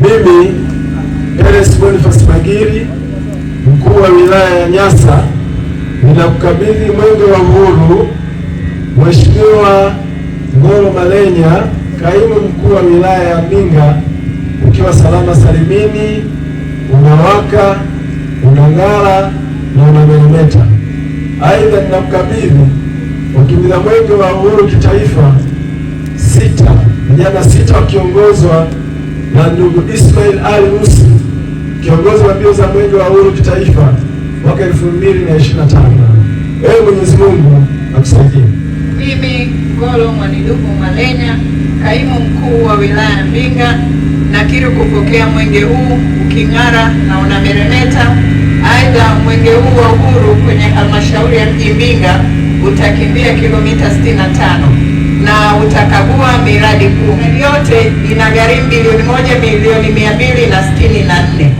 Mimi Denis Boniface Magiri, mkuu wa wilaya ya Nyasa, ninakukabidhi mwenge wa uhuru Mheshimiwa Ngolo Malenya, kaimu mkuu wa wilaya ya Mbinga, ukiwa salama salimini, unawaka, unang'ara na unameremeta. Aidha, ninakukabidhi wakimbiza mwenge wa uhuru kitaifa sita, vijana sita wakiongozwa na ndugu Ismail Ali Musi, kiongozi wa mbio za mwenge wa uhuru kitaifa mwaka 2025. Ewe Mwenyezi Mungu akusaidie. Mimi Ngolo Mwanidugu Malenya, kaimu mkuu wa wilaya Mbinga, nakiri kupokea mwenge huu uking'ara na unameremeta. Aidha, mwenge huu wa uhuru kwenye halmashauri ya mji Mbinga utakimbia kilomita 65 na idadi kuu. Yote ina gharimu bilioni moja milioni mia mbili na sitini na nne.